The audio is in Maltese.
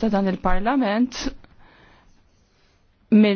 ta' dan il-parlament